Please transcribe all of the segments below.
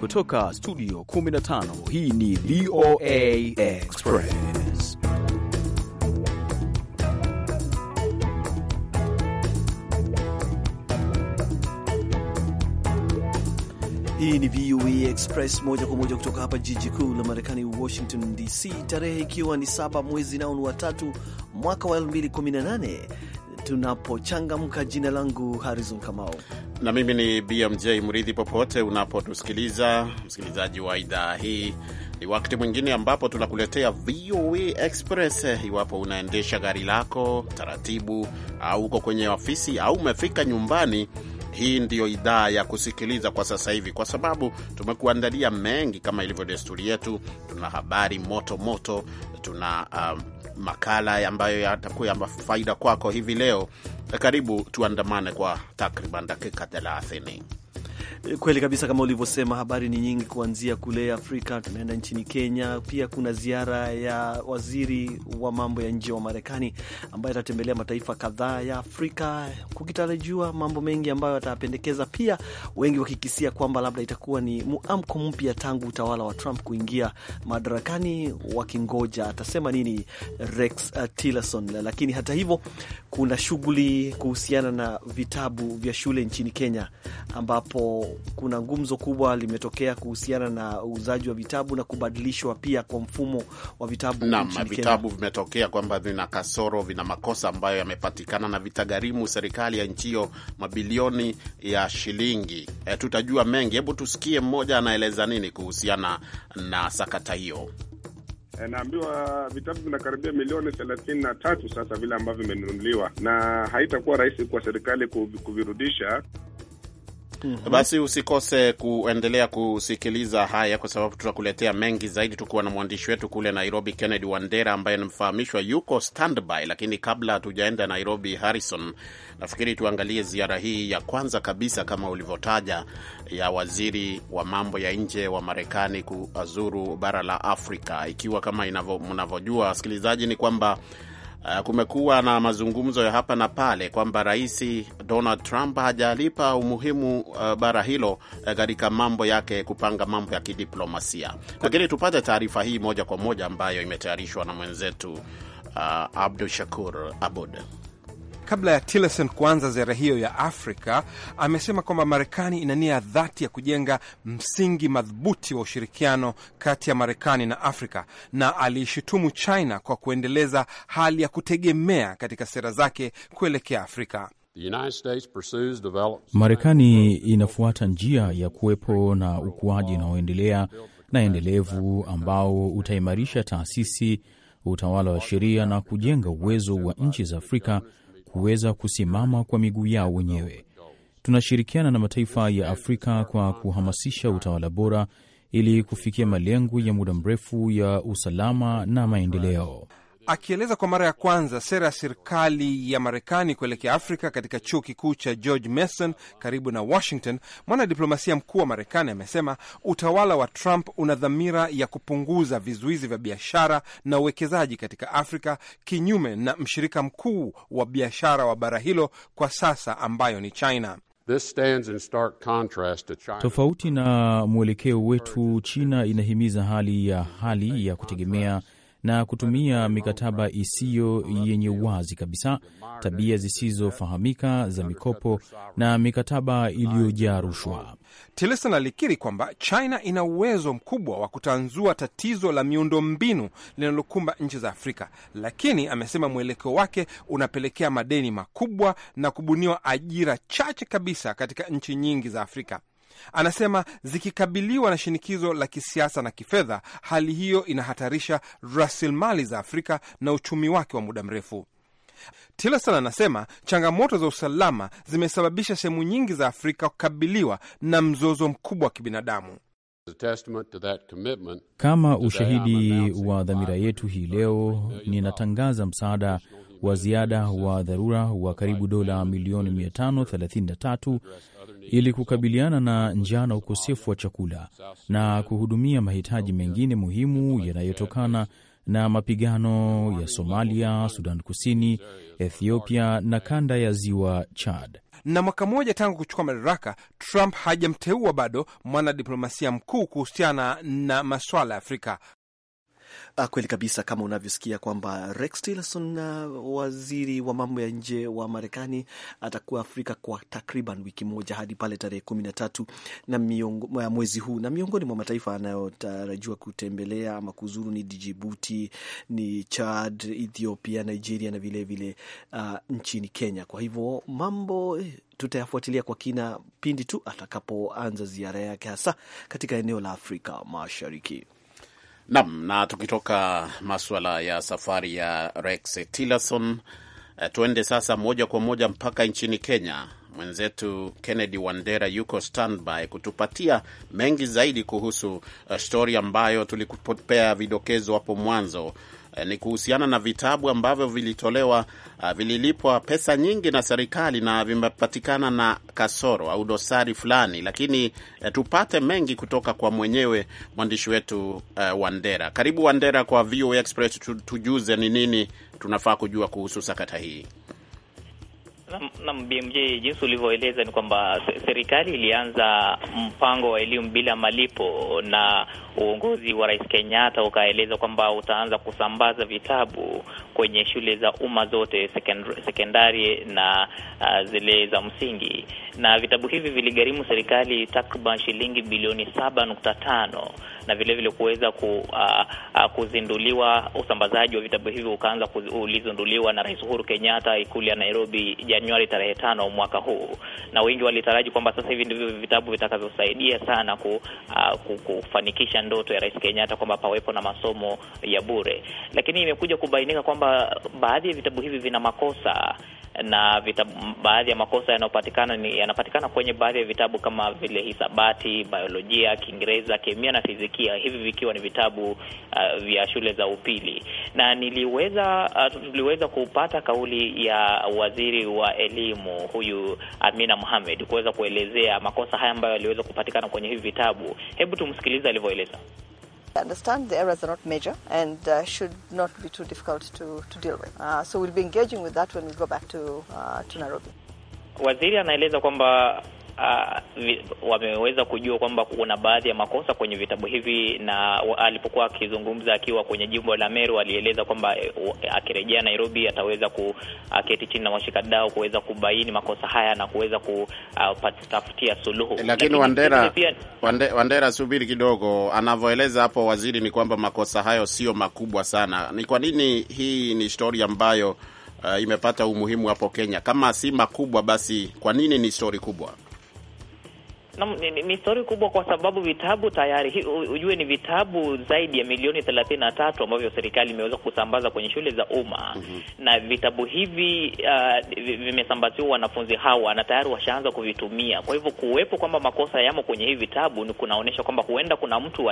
kutoka studio 15 hii ni VOA Express. Hii ni VOA Express moja kwa moja kutoka hapa jiji kuu la Marekani, Washington DC, tarehe ikiwa ni saba mwezi nao ni watatu mwaka wa 2018 tunapochangamka Jina langu Harrison Kamau na mimi ni BMJ Mridhi. Popote unapotusikiliza, msikilizaji wa idhaa hii, ni wakati mwingine ambapo tunakuletea VOA Express. Iwapo unaendesha gari lako taratibu, au uko kwenye ofisi, au umefika nyumbani hii ndiyo idhaa ya kusikiliza kwa sasa hivi, kwa sababu tumekuandalia mengi. Kama ilivyo desturi yetu, tuna habari moto moto, tuna um, makala ambayo yatakuwa ya faida kwako hivi leo. Karibu tuandamane kwa takriban dakika thelathini Eh, kweli kabisa, kama ulivyosema, habari ni nyingi, kuanzia kule Afrika tunaenda nchini Kenya. Pia kuna ziara ya waziri wa mambo ya nje wa Marekani ambaye atatembelea mataifa kadhaa ya Afrika, kukitarajiwa mambo mengi ambayo atapendekeza, pia wengi wakikisia kwamba labda itakuwa ni muamko mpya tangu utawala wa Trump kuingia madarakani, wakingoja atasema nini Rex uh, Tillerson. Lakini hata hivyo, kuna shughuli kuhusiana na vitabu vya shule nchini Kenya ambapo kuna gumzo kubwa limetokea kuhusiana na uuzaji wa vitabu na kubadilishwa pia kwa mfumo wa vitabu. Naam, vitabu vimetokea kwamba vina kasoro, vina makosa ambayo yamepatikana na vitagharimu serikali ya nchi hiyo mabilioni ya shilingi. E, tutajua mengi. Hebu tusikie mmoja anaeleza nini kuhusiana na sakata hiyo. Eh, naambiwa vitabu vinakaribia milioni thelathini na tatu sasa, vile ambavyo vimenunuliwa, na haitakuwa rahisi kwa serikali kuvirudisha mm -hmm. Basi usikose kuendelea kusikiliza haya, kwa sababu tutakuletea mengi zaidi, tukiwa na mwandishi wetu kule Nairobi, Kennedy Wandera, ambaye nimfahamishwa yuko standby. Lakini kabla hatujaenda Nairobi, Harrison, nafikiri tuangalie ziara hii ya kwanza kabisa kama ulivyotaja ya waziri wa mambo ya nje wa Marekani kuazuru bara la Afrika, ikiwa kama mnavyojua wasikilizaji, ni kwamba Uh, kumekuwa na mazungumzo ya hapa na pale kwamba Rais Donald Trump hajalipa umuhimu uh, bara hilo eh, katika uh, mambo yake kupanga mambo ya kidiplomasia, lakini tupate taarifa hii moja kwa moja ambayo imetayarishwa na mwenzetu uh, Abdu Shakur Abud. Kabla ya Tillerson kuanza ziara hiyo ya Afrika, amesema kwamba Marekani ina nia dhati ya kujenga msingi madhubuti wa ushirikiano kati ya Marekani na Afrika, na aliishutumu China kwa kuendeleza hali ya kutegemea katika sera zake kuelekea Afrika. Marekani inafuata njia ya kuwepo na ukuaji unaoendelea na endelevu ambao utaimarisha taasisi, utawala wa sheria na kujenga uwezo wa nchi za Afrika kuweza kusimama kwa miguu yao wenyewe. Tunashirikiana na mataifa ya Afrika kwa kuhamasisha utawala bora ili kufikia malengo ya muda mrefu ya usalama na maendeleo akieleza kwa mara ya kwanza sera ya serikali ya Marekani kuelekea Afrika katika chuo kikuu cha George Mason karibu na Washington, mwanadiplomasia mkuu wa Marekani amesema utawala wa Trump una dhamira ya kupunguza vizuizi vya biashara na uwekezaji katika Afrika, kinyume na mshirika mkuu wa biashara wa bara hilo kwa sasa ambayo ni China. Tofauti na mwelekeo wetu, China inahimiza hali ya hali ya kutegemea na kutumia mikataba isiyo yenye uwazi kabisa, tabia zisizofahamika za mikopo na mikataba iliyojaa rushwa. Tillerson alikiri kwamba China ina uwezo mkubwa wa kutanzua tatizo la miundo mbinu linalokumba nchi za Afrika, lakini amesema mwelekeo wake unapelekea madeni makubwa na kubuniwa ajira chache kabisa katika nchi nyingi za Afrika. Anasema zikikabiliwa na shinikizo la kisiasa na kifedha, hali hiyo inahatarisha rasilimali za Afrika na uchumi wake wa muda mrefu. Tillerson anasema changamoto za usalama zimesababisha sehemu nyingi za Afrika kukabiliwa na mzozo mkubwa wa kibinadamu. Kama ushahidi wa dhamira yetu hii leo, ninatangaza msaada wa ziada wa dharura wa karibu dola milioni 533 ili kukabiliana na njaa na ukosefu wa chakula na kuhudumia mahitaji mengine muhimu yanayotokana na mapigano ya Somalia, Sudan Kusini, Ethiopia na kanda ya Ziwa Chad. Na mwaka mmoja tangu kuchukua madaraka, Trump hajamteua bado mwanadiplomasia mkuu kuhusiana na masuala ya Afrika. Ah, kweli kabisa, kama unavyosikia kwamba Rex Tillerson, ah, waziri wa mambo ya nje wa Marekani, atakuwa Afrika kwa takriban wiki moja hadi pale tarehe kumi na tatu ya mwezi huu, na miongoni mwa mataifa anayotarajiwa kutembelea ama kuzuru ni Djibouti, ni Chad, Ethiopia, Nigeria na vilevile vile, uh, nchini Kenya. Kwa hivyo mambo tutayafuatilia kwa kina pindi tu atakapoanza ziara yake hasa katika eneo la Afrika Mashariki. Nam, na tukitoka maswala ya safari ya Rex Tillerson, eh, tuende sasa moja kwa moja mpaka nchini Kenya. Mwenzetu Kennedy Wandera yuko standby kutupatia mengi zaidi kuhusu eh, stori ambayo tulikupea vidokezo hapo mwanzo Eh, ni kuhusiana na vitabu ambavyo vilitolewa, ah, vililipwa pesa nyingi na serikali na vimepatikana na kasoro au dosari fulani, lakini eh, tupate mengi kutoka kwa mwenyewe mwandishi wetu uh, Wandera. Karibu Wandera kwa VOA Express, tujuze ni nini tunafaa kujua kuhusu sakata hii. Na BMJ, jinsi ulivyoeleza ni kwamba serikali ilianza mpango wa elimu bila malipo na uongozi wa Rais Kenyatta ukaeleza kwamba utaanza kusambaza vitabu kwenye shule za umma zote, sekondari na uh, zile za msingi na vitabu hivi viligharimu serikali takriban shilingi bilioni saba nukta tano na vilevile kuweza ku, uh, uh, kuzinduliwa usambazaji wa vitabu hivi ukaanza ulizinduliwa na Rais Uhuru Kenyatta ikulu ya Nairobi Januari tarehe tano mwaka huu, na wengi walitaraji kwamba sasa hivi ndivyo vitabu vitakavyosaidia sana ku, uh, kufanikisha ndoto ya Rais Kenyatta kwamba pawepo na masomo ya bure, lakini imekuja kubainika kwamba baadhi ya vitabu hivi vina makosa na vitabu, baadhi ya makosa yanayopatikana ni yanapatikana kwenye baadhi ya vitabu kama vile hisabati, biolojia, Kiingereza, kemia na fizikia, hivi vikiwa ni vitabu uh, vya shule za upili. Na niliweza uh, tuliweza kupata kauli ya waziri wa elimu huyu Amina Mohamed kuweza kuelezea makosa haya ambayo yaliweza kupatikana kwenye hivi vitabu. Hebu tumsikilize alivyoeleza understand the errors are not major and uh, should not be too difficult to, to deal with. Uh, so we'll be engaging with that when we go back to, uh, to Nairobi. Waziri anaeleza kwamba uh, wameweza kujua kwamba kuna baadhi ya makosa kwenye vitabu hivi, na alipokuwa akizungumza akiwa kwenye jimbo la Meru alieleza kwamba eh, akirejea Nairobi ataweza kuketi uh, chini na washikadau kuweza kubaini makosa haya na kuweza kutafutia uh, suluhu. Eh, lakini, lakini Wandera, pia... Wande, Wandera, subiri kidogo. Anavyoeleza hapo waziri ni kwamba makosa hayo sio makubwa sana. Ni kwa nini hii ni stori ambayo Uh, imepata umuhimu hapo Kenya. Kama si makubwa, basi kwa nini ni stori kubwa? ni stori kubwa kwa sababu vitabu tayari, ujue ni vitabu zaidi ya milioni thelathini na tatu ambavyo serikali imeweza kusambaza kwenye shule za umma mm -hmm. na vitabu hivi uh, vimesambaziwa wanafunzi hawa na tayari washaanza kuvitumia. Kwa hivyo kuwepo kwamba makosa yamo kwenye hivi vitabu ni kunaonyesha kwamba huenda kuna mtu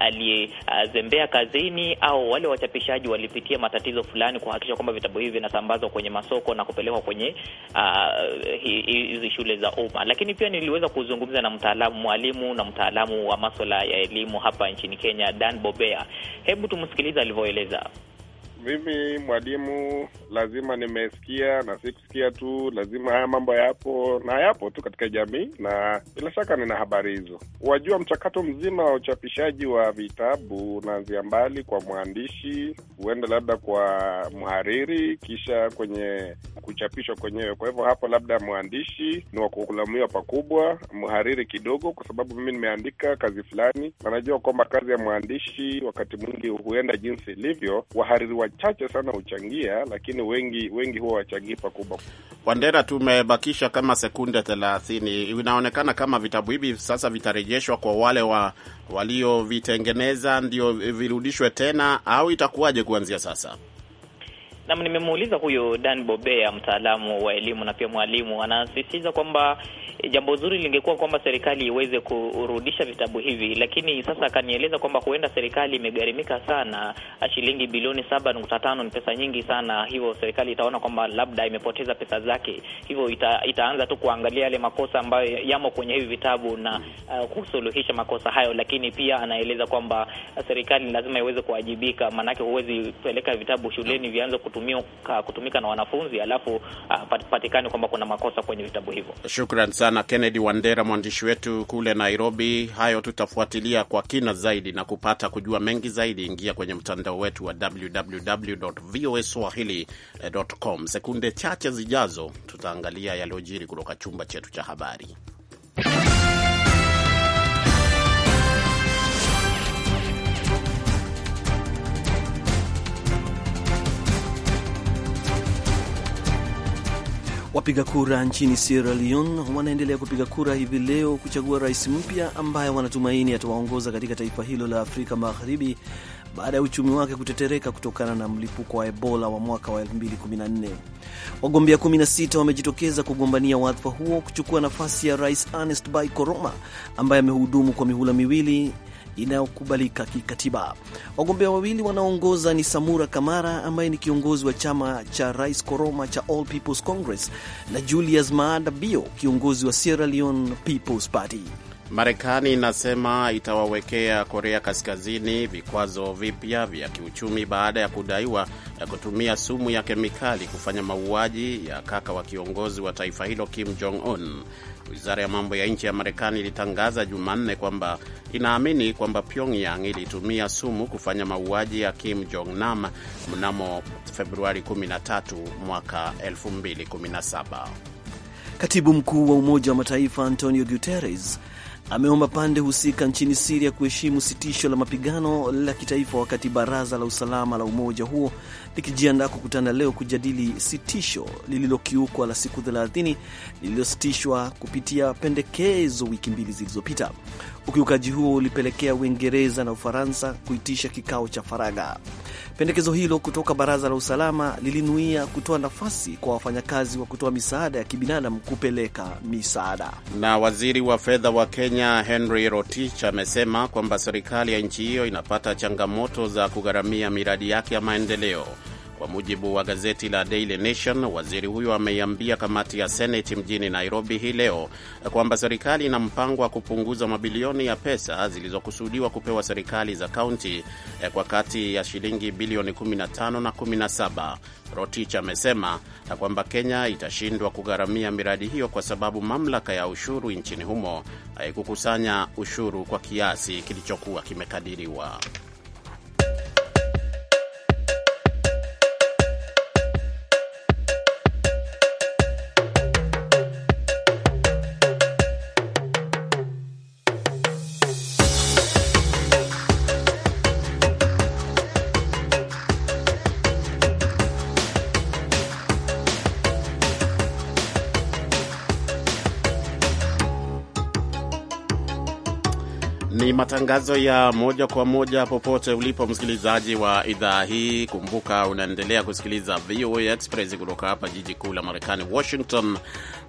aliyezembea kazini au wale wachapishaji walipitia matatizo fulani kuhakikisha kwamba vitabu hivi vinasambazwa kwenye masoko na kupelekwa kwenye hizi shule za umma lakini pia niliweza kuzungumza na mtaalamu mwalimu na mtaalamu wa maswala ya elimu hapa nchini Kenya, Dan Bobea. Hebu tumsikilize alivyoeleza mimi mwalimu, lazima nimesikia na si kusikia tu, lazima haya mambo yapo na yapo tu katika jamii, na bila shaka nina habari hizo. Wajua, mchakato mzima wa uchapishaji wa vitabu unaanzia mbali kwa mwandishi, huenda labda kwa mhariri, kisha kwenye kuchapishwa kwenyewe. Kwa hivyo hapo labda mwandishi ni wa kulaumiwa pakubwa, mhariri kidogo, kwa sababu mimi nimeandika kazi fulani, na najua kwamba kazi ya mwandishi wakati mwingi huenda jinsi ilivyo, wahariri wa wachache sana huchangia, lakini wengi wengi huwa wachangii pakubwa. Wandera, tumebakisha kama sekunde thelathini. Inaonekana kama vitabu hivi sasa vitarejeshwa kwa wale wa waliovitengeneza ndio virudishwe tena, au itakuwaje kuanzia sasa? Nam, nimemuuliza huyu Dan Bobea, mtaalamu wa elimu na pia mwalimu, anasisitiza kwamba jambo zuri lingekuwa kwamba serikali iweze kurudisha vitabu hivi, lakini sasa akanieleza kwamba huenda serikali imegharimika sana, shilingi bilioni saba nukta tano ni pesa nyingi sana, hivyo serikali itaona kwamba labda imepoteza pesa zake, hivyo ita, itaanza tu kuangalia yale makosa ambayo yamo kwenye hivi vitabu na uh, kusuluhisha makosa hayo. Lakini pia anaeleza kwamba serikali lazima iweze kuwajibika, maanake huwezi peleka vitabu shuleni vianze kutumika, na wanafunzi alafu uh, pat, patikane kwamba kuna makosa kwenye vitabu hivyo. Shukrani sana Kennedy Wandera, mwandishi wetu kule Nairobi. Hayo tutafuatilia kwa kina zaidi na kupata kujua mengi zaidi, ingia kwenye mtandao wetu wa www voa www.voaswahili.com. Sekunde chache zijazo, tutaangalia yaliyojiri kutoka chumba chetu cha habari. Wapiga kura nchini Sierra Leone wanaendelea kupiga kura hivi leo kuchagua rais mpya ambaye wanatumaini atawaongoza katika taifa hilo la Afrika Magharibi baada ya uchumi wake kutetereka kutokana na mlipuko wa Ebola wa mwaka wa 2014. Wagombea 16 wamejitokeza kugombania wadhifa huo kuchukua nafasi ya Rais Ernest Bai Koroma ambaye amehudumu kwa mihula miwili inayokubalika kikatiba. Wagombea wawili wanaoongoza ni Samura Kamara ambaye ni kiongozi wa chama cha Rais Koroma cha All People's Congress na Julius Maada Bio, kiongozi wa Sierra Leone People's Party. Marekani inasema itawawekea Korea Kaskazini vikwazo vipya vya kiuchumi baada ya kudaiwa ya kutumia sumu ya kemikali kufanya mauaji ya kaka wa kiongozi wa taifa hilo Kim Jong Un. Wizara ya mambo ya nje ya Marekani ilitangaza Jumanne kwamba inaamini kwamba Pyongyang ilitumia sumu kufanya mauaji ya Kim Jong Nam mnamo Februari 13 mwaka 2017. Katibu mkuu wa Umoja wa Mataifa Antonio Guterres ameomba pande husika nchini Siria kuheshimu sitisho la mapigano la kitaifa, wakati baraza la usalama la umoja huo likijiandaa kukutana leo kujadili sitisho lililokiukwa la siku 30 lililositishwa kupitia pendekezo wiki mbili zilizopita. Ukiukaji huo ulipelekea Uingereza na Ufaransa kuitisha kikao cha faragha. Pendekezo hilo kutoka Baraza la Usalama lilinuia kutoa nafasi kwa wafanyakazi wa kutoa misaada ya kibinadamu kupeleka misaada. Na waziri wa fedha wa Kenya Henry Rotich amesema kwamba serikali ya nchi hiyo inapata changamoto za kugharamia miradi yake ya maendeleo. Kwa mujibu wa gazeti la Daily Nation, waziri huyo ameiambia kamati ya Seneti mjini Nairobi hii leo kwamba serikali ina mpango wa kupunguza mabilioni ya pesa zilizokusudiwa kupewa serikali za kaunti eh, kwa kati ya shilingi bilioni 15 na 17. Rotich amesema kwamba Kenya itashindwa kugharamia miradi hiyo kwa sababu mamlaka ya ushuru nchini humo haikukusanya ushuru kwa kiasi kilichokuwa kimekadiriwa. matangazo ya moja kwa moja popote ulipo msikilizaji wa idhaa hii. Kumbuka unaendelea kusikiliza VOA Express kutoka hapa jiji kuu la Marekani, Washington,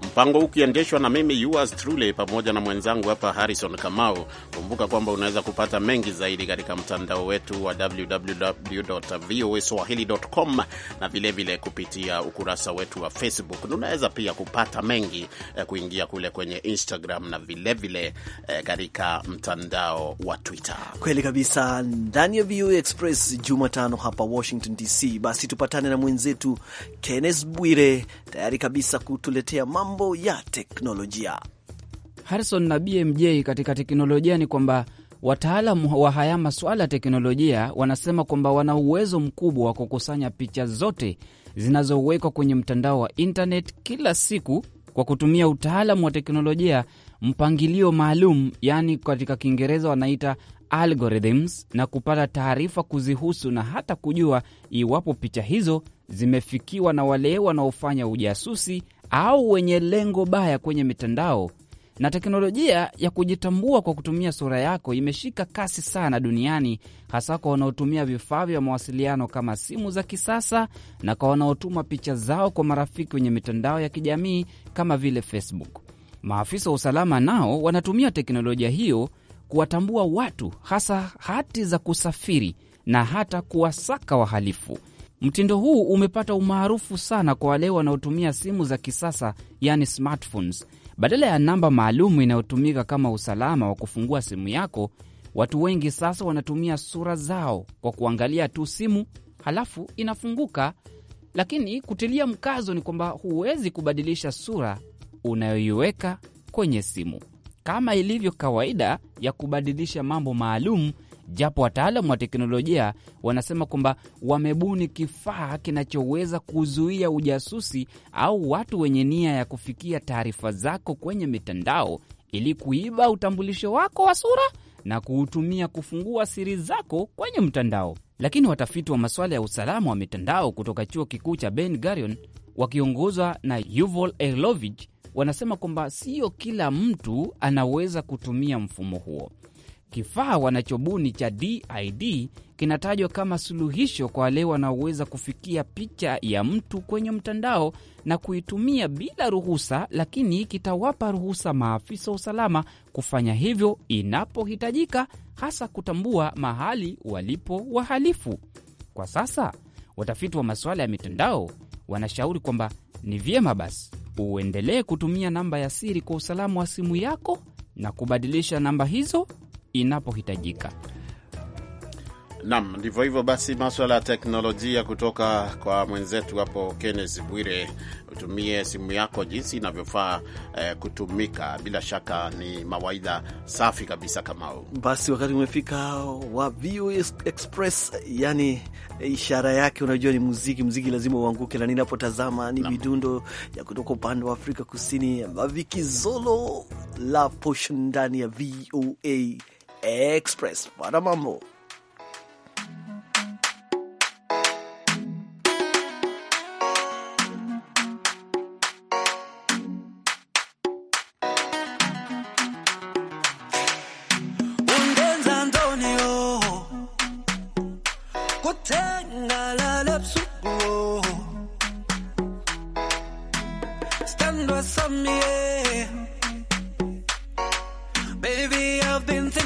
mpango huu ukiendeshwa na mimi yours truly pamoja na mwenzangu hapa Harrison Kamau. Kumbuka kwamba unaweza kupata mengi zaidi katika mtandao wetu wa www.voaswahili.com na vilevile vile kupitia ukurasa wetu wa Facebook. Unaweza pia kupata mengi eh, kuingia kule kwenye Instagram na vilevile vile eh, katika mtandao mtandao wa Twitter. Kweli kabisa, ndani ya VOA e Express Jumatano hapa Washington DC. Basi tupatane na mwenzetu kennes Bwire, tayari kabisa kutuletea mambo ya teknolojia. Harrison na BMJ, katika teknolojia ni kwamba wataalamu wa haya masuala ya teknolojia wanasema kwamba wana uwezo mkubwa wa kukusanya picha zote zinazowekwa kwenye mtandao wa internet kila siku kwa kutumia utaalamu wa teknolojia mpangilio maalum, yaani katika Kiingereza wanaita algorithms, na kupata taarifa kuzihusu na hata kujua iwapo picha hizo zimefikiwa na wale wanaofanya ujasusi au wenye lengo baya kwenye mitandao. Na teknolojia ya kujitambua kwa kutumia sura yako imeshika kasi sana duniani, hasa kwa wanaotumia vifaa vya mawasiliano kama simu za kisasa na kwa wanaotuma picha zao kwa marafiki wenye mitandao ya kijamii kama vile Facebook. Maafisa wa usalama nao wanatumia teknolojia hiyo kuwatambua watu, hasa hati za kusafiri na hata kuwasaka wahalifu. Mtindo huu umepata umaarufu sana kwa wale wanaotumia simu za kisasa, yani smartphones. Badala ya namba maalum inayotumika kama usalama wa kufungua simu yako, watu wengi sasa wanatumia sura zao kwa kuangalia tu simu, halafu inafunguka. Lakini kutilia mkazo ni kwamba huwezi kubadilisha sura unayoiweka kwenye simu. Kama ilivyo kawaida ya kubadilisha mambo maalum, japo wataalamu wa teknolojia wanasema kwamba wamebuni kifaa kinachoweza kuzuia ujasusi au watu wenye nia ya kufikia taarifa zako kwenye mitandao ili kuiba utambulisho wako wa sura na kuutumia kufungua siri zako kwenye mtandao. Lakini watafiti wa masuala ya usalama wa mitandao kutoka chuo kikuu cha Ben Gurion wakiongozwa na Yuval Elovich wanasema kwamba sio kila mtu anaweza kutumia mfumo huo. Kifaa wanachobuni cha DID kinatajwa kama suluhisho kwa wale wanaoweza kufikia picha ya mtu kwenye mtandao na kuitumia bila ruhusa, lakini kitawapa ruhusa maafisa wa usalama kufanya hivyo inapohitajika, hasa kutambua mahali walipo wahalifu. Kwa sasa watafiti wa masuala ya mitandao wanashauri kwamba ni vyema basi uendelee kutumia namba ya siri kwa usalama wa simu yako na kubadilisha namba hizo inapohitajika. Nam, ndivyo hivyo. Basi maswala ya teknolojia kutoka kwa mwenzetu hapo Kenneth Bwire. Utumie simu yako jinsi inavyofaa eh, kutumika. Bila shaka ni mawaidha safi kabisa. Kamau, basi wakati umefika wa VOA Express, yani eh, ishara yake unajua ni muziki. Muziki lazima uanguke, na ninapotazama ni midundo ya kutoka upande wa Afrika Kusini, Mavikizolo la Posh ndani ya VOA Express. Bwana mambo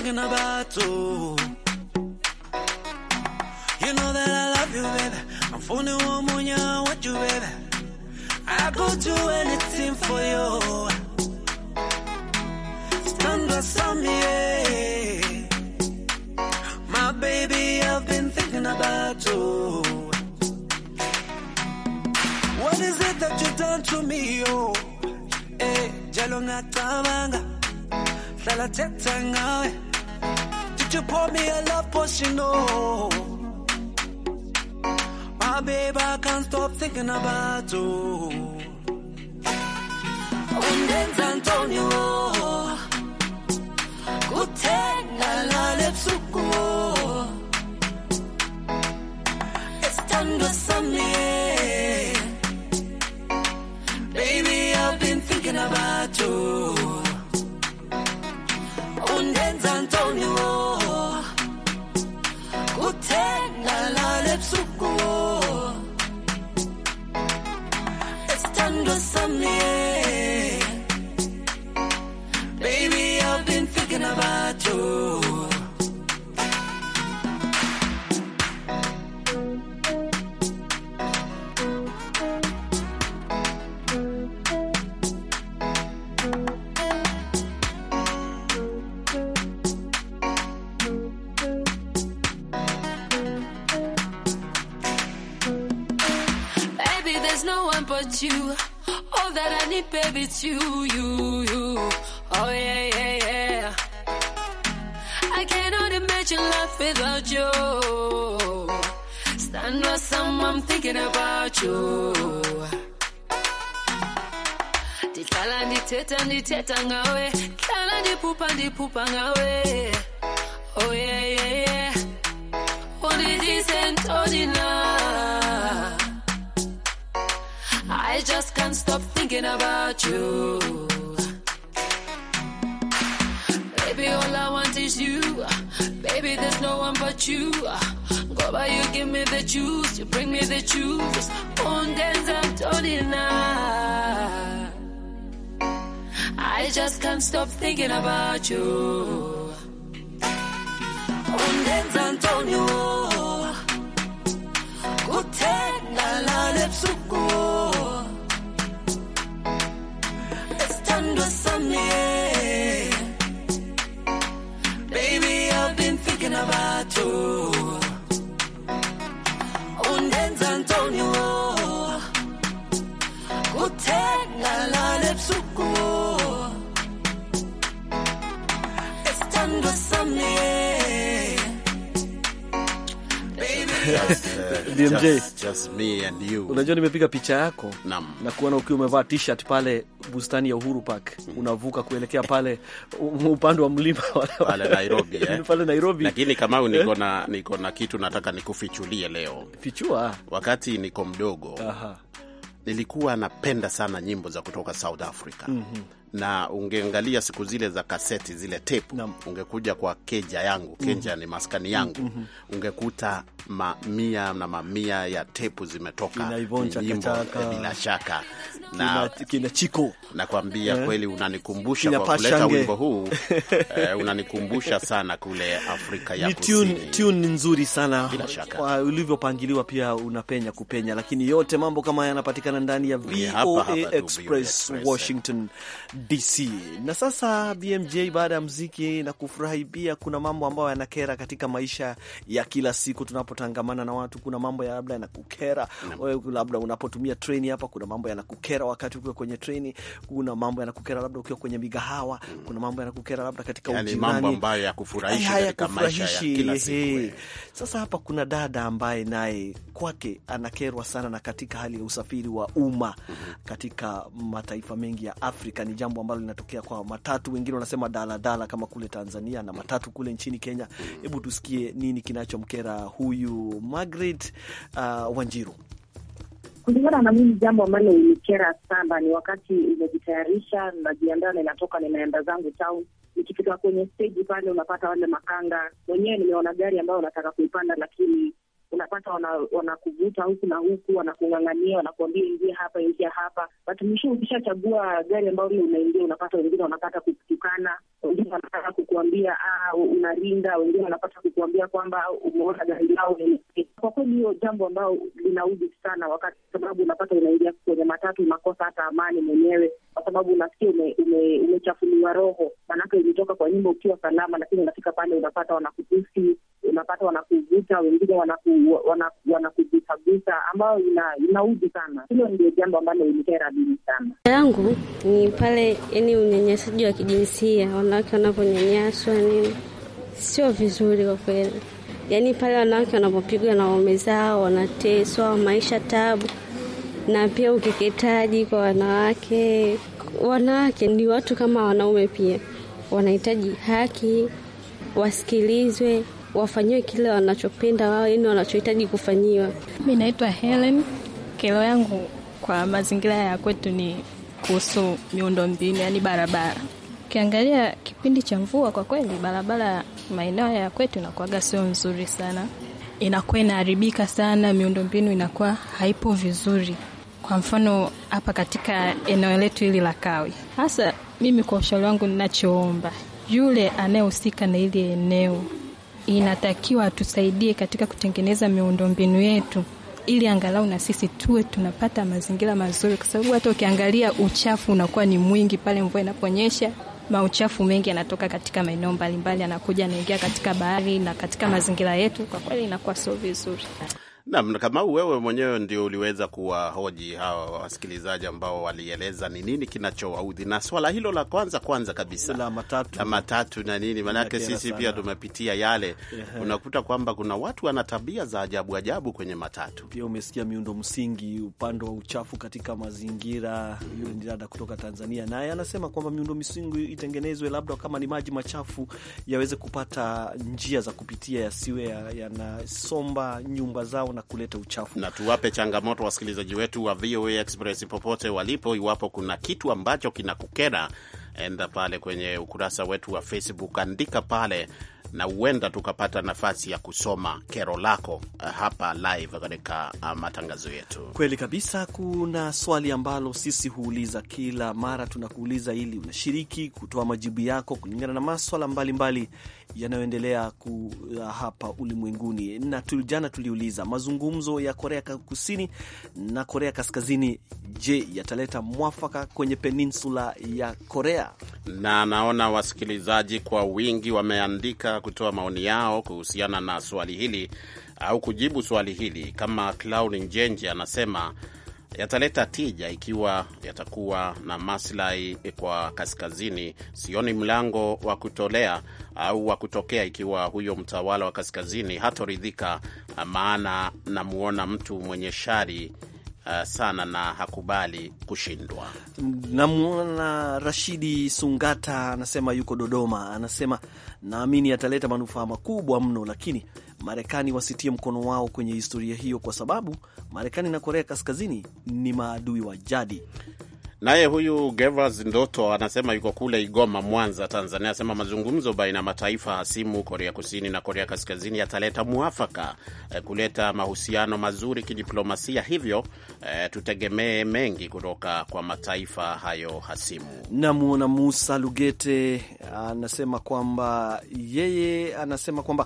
in about bottle. You know that I love you, baby. I'm phoning one more I want you, baby. I go do anything for you. Stand beside me, yeah. my baby. I've been thinking about you. What is it that you've done to me, oh? Hey, eh, jalo ngatabanga, sala thetha ngawe you pour me a love potion, you oh? know. My babe, I can't stop thinking about you. When dance Antonio, oh, kuthe la la lepsuko. without you. Stand with someone, thinking about you. Nditala ndithetha ndithetha ngawe, hlala ndiphupha ndiphupha ngawe. Oh yeah yeah yeah. Undidise ntoni na? I just can't stop thinking about you. Baby, all I want is you. Baby, there's no one but you. Go by, you give me the juice. You bring me the juice. On dance, I'm turning now. I just can't stop thinking about you. On dance, Antonio. Kuthen nalala ebusuku. Esithandwa sami. tattoo. BMJ. Just, just me and you. Unajua nimepiga picha yako Nam. na kuona ukiwa umevaa t-shirt pale bustani ya Uhuru Park mm. unavuka kuelekea pale upande wa mlima pale Nairobi, eh. Yaani pale Nairobi. Lakini kama niko eh? na niko na kitu nataka nikufichulie leo. Fichua. Wakati niko mdogo. Aha. Nilikuwa napenda sana nyimbo za kutoka South Africa. Mm -hmm na ungeangalia siku zile za kaseti zile tape no. Ungekuja kwa keja yangu mhm. keja mm ni maskani yangu mm -hmm. Ungekuta mamia na mamia ya tepu zimetoka nyimbo bila shaka na kina Chiko nakwambia, yeah. Kweli unanikumbusha kwa kuleta wimbo huu eh, unanikumbusha sana kule Afrika ya Kusini. Tune nzuri sana ulivyopangiliwa, pia unapenya kupenya, lakini yote mambo kama yanapatikana ndani ya VOA Express, Express, Washington DC. Na sasa BMJ, baada ya mziki na kufurahi, pia kuna mambo ambayo yanakera katika maisha ya kila siku tunapotangamana na watu. Kuna mambo ya labda yanakukera wewe, labda unapotumia treni hapa, kuna mambo yanakukera wakati ukiwa kwenye treni, kuna mambo yanakukera labda ukiwa kwenye migahawa, mm. kuna mambo yanakukera labda katika yani ujirani, mambo ambayo yakufurahisha katika maisha ya kila siku. Sasa hapa kuna dada ambaye naye kwake anakerwa sana na katika hali ya usafiri wa umma mm-hmm. katika mataifa mengi ya Afrika ni jambo ambalo linatokea kwa matatu, wengine wanasema daladala kama kule Tanzania na matatu kule nchini Kenya. Hebu tusikie nini kinachomkera huyu Margaret uh, Wanjiru. Kulingana na mimi, jambo ambalo ilikera sana ni wakati imejitayarisha, najiandaa, ninatoka, ninaenda zangu town nikifika kwenye stage pale unapata wale makanga. Mwenyewe nimeona gari ambayo unataka kuipanda, lakini unapata wanakuvuta wana huku na huku, wanakung'ang'ania, wanakuambia ingia hapa, ingia hapa. Watumishi, ukishachagua gari ambayo ile unaingia, unapata wengine wanapata kukutukana, wengine wanapata kukuambia ah, unarinda, wengine wanapata kukuambia kwamba umeona gari lao. Kwa kweli hiyo jambo ambayo linaudhi sana, wakati sababu unapata unaingia kwenye matatu, unakosa hata amani mwenyewe kwa sababu unasikia umechafuliwa ume, ume roho, maanake ulitoka kwa nyumba ukiwa salama, lakini unafika pale unapata wanakutusi, unapata wanakuvuta, wengine wanakugutaguta, wana, wana ambayo inaudhi sana. Hilo ndio jambo ambalo ilikera dini sana yangu ni pale, yani unyanyasaji wa kijinsia, wanawake wanavyonyanyaswa nini, sio vizuri kwa kweli, yaani pale wanawake wanapopigwa na waume zao, wanateswa maisha tabu na pia ukeketaji kwa wanawake. Wanawake ni watu kama wanaume, pia wanahitaji haki, wasikilizwe, wafanyiwe kile wanachopenda wao, yani wanachohitaji kufanyiwa. Mi naitwa Helen. Kero yangu kwa mazingira ya kwetu ni kuhusu miundo mbinu yani barabara. Ukiangalia kipindi cha mvua, kwa kweli barabara maeneo ya kwetu inakuwaga sio nzuri sana, inakuwa inaharibika sana, miundo mbinu inakuwa haipo vizuri. Kwa mfano hapa katika eneo letu hili la kawi hasa mimi kwa ushauri wangu ninachoomba yule anayehusika na hili eneo inatakiwa atusaidie katika kutengeneza miundombinu yetu ili angalau na sisi tuwe tunapata mazingira mazuri, kwa sababu hata ukiangalia uchafu unakuwa ni mwingi pale mvua inaponyesha. Mauchafu mengi yanatoka katika maeneo mbalimbali, anakuja anaingia katika bahari na katika mazingira yetu, kwa kweli inakuwa sio vizuri. Naam, kama wewe mwenyewe ndio uliweza kuwahoji hawa wasikilizaji ambao walieleza ni nini kinachowaudhi, na swala hilo la kwanza kwanza kabisa la matatu, la matatu na nini, maanake sisi pia tumepitia yale yeah. Unakuta kwamba kuna watu wana tabia za ajabu ajabu kwenye matatu. Pia umesikia miundo msingi, upande wa uchafu katika mazingira. Yule ni dada kutoka Tanzania, naye anasema kwamba miundo msingi itengenezwe, labda kama ni maji machafu yaweze kupata njia za kupitia, yasiwe yanasomba ya nyumba zao na kuleta uchafu. Na tuwape changamoto wasikilizaji wetu wa VOA Express popote walipo, iwapo kuna kitu ambacho kinakukera enda pale kwenye ukurasa wetu wa Facebook, andika pale na huenda tukapata nafasi ya kusoma kero lako eh, hapa live katika ah, matangazo yetu. Kweli kabisa. Kuna swali ambalo sisi huuliza kila mara, tunakuuliza ili unashiriki kutoa majibu yako kulingana na maswala mbalimbali yanayoendelea ah, hapa ulimwenguni, na jana tuliuliza mazungumzo ya Korea Kusini na Korea Kaskazini, je, yataleta mwafaka kwenye peninsula ya Korea na naona wasikilizaji kwa wingi wameandika kutoa maoni yao kuhusiana na swali hili au kujibu swali hili. Kama Cloud Njenje anasema yataleta tija ikiwa yatakuwa na maslahi kwa kaskazini. Sioni mlango wa kutolea au wa kutokea ikiwa huyo mtawala wa kaskazini hatoridhika, maana namuona mtu mwenye shari uh, sana na hakubali kushindwa. Namwona Rashidi Sungata anasema yuko Dodoma, anasema naamini ataleta manufaa makubwa mno, lakini Marekani wasitie mkono wao kwenye historia hiyo, kwa sababu Marekani na Korea Kaskazini ni maadui wa jadi. Naye huyu Gevas Ndoto anasema yuko kule Igoma, Mwanza, Tanzania. Anasema mazungumzo baina ya mataifa hasimu Korea Kusini na Korea Kaskazini yataleta mwafaka eh, kuleta mahusiano mazuri kidiplomasia, hivyo eh, tutegemee mengi kutoka kwa mataifa hayo hasimu. Namwona Musa Lugete anasema kwamba yeye anasema kwamba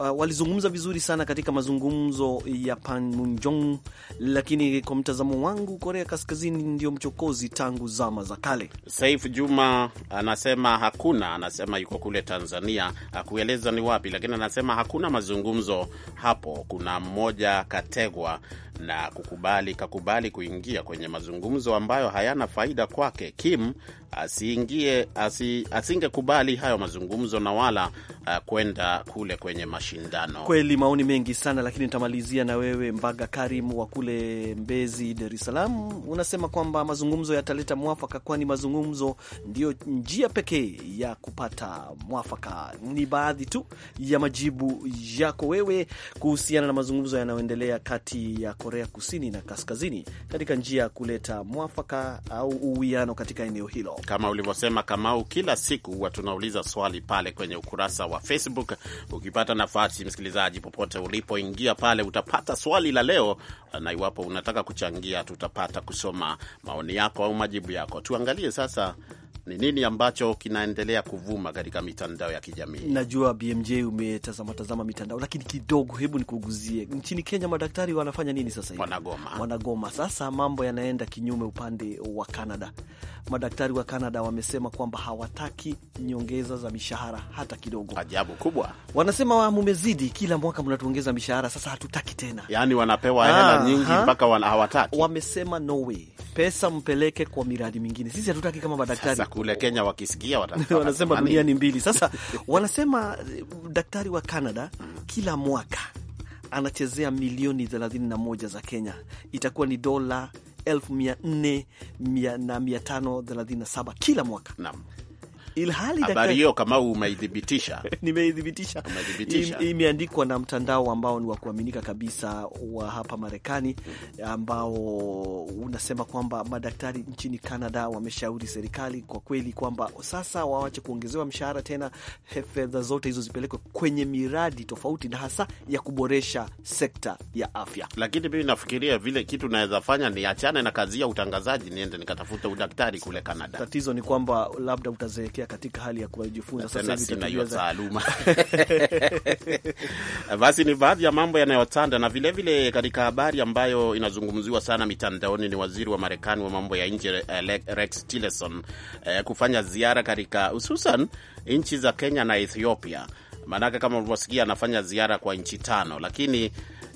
uh, walizungumza vizuri sana katika mazungumzo ya Panmunjom, lakini kwa mtazamo wangu Korea Kaskazini ndio mchokozi tangu zama za kale. Saif Juma anasema hakuna, anasema yuko kule Tanzania, akueleza ni wapi, lakini anasema hakuna mazungumzo hapo. Kuna mmoja kategwa na kukubali, kakubali kuingia kwenye mazungumzo ambayo hayana faida kwake. Kim asiingie, asi, asingekubali hayo mazungumzo na wala uh, kwenda kule kwenye mashindano. Kweli maoni mengi sana, lakini nitamalizia na wewe Mbaga Karim wa kule Mbezi, Dar es Salaam, unasema kwamba mazungumzo ya yataleta mwafaka, kwani mazungumzo ndiyo njia pekee ya kupata mwafaka. Ni baadhi tu ya majibu yako wewe kuhusiana na mazungumzo yanayoendelea kati ya Korea Kusini na Kaskazini katika njia ya kuleta mwafaka au uwiano katika eneo hilo. Kama ulivyosema Kamau, kila siku huwa tunauliza swali pale kwenye ukurasa wa Facebook. Ukipata nafasi, msikilizaji, popote ulipoingia pale utapata swali la leo, na iwapo unataka kuchangia, tutapata kusoma maoni yako au majibu yako. Tuangalie sasa ni nini ambacho kinaendelea kuvuma katika mitandao ya kijamii. Najua BMJ umetazama tazama mitandao, lakini kidogo, hebu nikuguzie nchini Kenya. Madaktari wanafanya nini sasa hivi? Wanagoma, wanagoma. Sasa mambo yanaenda kinyume upande wa Canada. Madaktari wa Canada wamesema kwamba hawataki nyongeza za mishahara hata kidogo. Ajabu kubwa, wanasema wa mumezidi, kila mwaka mnatuongeza mishahara, sasa hatutaki tena. Yani wanapewa hela ah, nyingi mpaka hawataki. Wamesema no way, pesa mpeleke kwa miradi mingine, sisi hatutaki kama madaktari. Sasa kule Kenya wakisikia wanasema dunia ni mbili. Sasa wanasema eh, daktari wa Canada kila mwaka anachezea milioni 31 za Kenya, itakuwa ni dola elfu mia nne mia na mia tano thelathini na saba kila mwaka. Naam ilhali habari hiyo kama umeidhibitisha, nimeidhibitisha, imeandikwa na mtandao ambao ni wa kuaminika kabisa wa hapa Marekani, ambao unasema kwamba madaktari nchini Canada wameshauri serikali kwa kweli kwamba sasa waache kuongezewa mshahara tena, fedha zote hizo zipelekwe kwenye miradi tofauti na hasa ya kuboresha sekta ya afya. Lakini mimi nafikiria vile kitu naweza fanya ni achane na kazi ya utangazaji, niende nikatafute udaktari kule Canada. Tatizo ni kwamba labda utazeekea kuelekea katika hali ya kujifunza sasa hivi taaluma. Basi ni baadhi ya mambo yanayotanda, na vilevile vile katika habari ambayo inazungumziwa sana mitandaoni ni waziri wa Marekani wa mambo ya nje eh, Rex Tillerson eh, kufanya ziara katika hususan nchi za Kenya na Ethiopia. Maanake kama ulivyosikia, anafanya ziara kwa nchi tano, lakini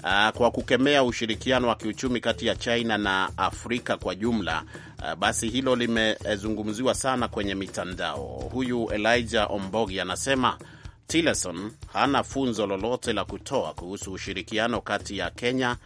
uh, kwa kukemea ushirikiano wa kiuchumi kati ya China na Afrika kwa jumla. Uh, basi hilo limezungumziwa sana kwenye mitandao. Huyu Elijah Ombogi anasema Tillerson hana funzo lolote la kutoa kuhusu ushirikiano kati ya Kenya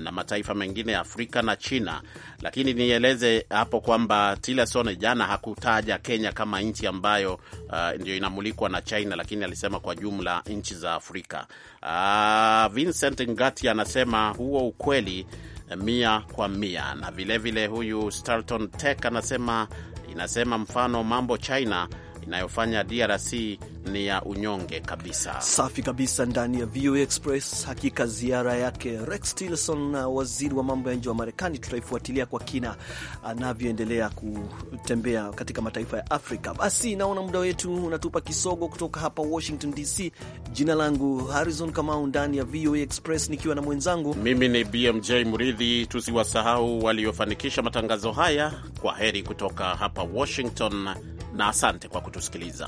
na mataifa mengine ya Afrika na China. Lakini nieleze hapo kwamba Tillerson jana hakutaja Kenya kama nchi ambayo uh, ndio inamulikwa na China, lakini alisema kwa jumla nchi za Afrika. Uh, Vincent Ngati anasema huo ukweli eh, mia kwa mia, na vilevile vile huyu Starton Tek anasema inasema mfano mambo China inayofanya DRC ni ya unyonge kabisa. Safi kabisa, ndani ya VOA Express. Hakika ziara yake Rex Tillerson, waziri wa mambo ya nje wa Marekani, tutaifuatilia kwa kina anavyoendelea kutembea katika mataifa ya Afrika. Basi naona muda wetu unatupa kisogo. Kutoka hapa Washington DC, jina langu Harrison Kamau, ndani ya VOA Express nikiwa na mwenzangu mimi ni BMJ Muridhi. Tusiwasahau waliofanikisha matangazo haya. Kwa heri kutoka hapa Washington na asante kwa kutu kutusikiliza.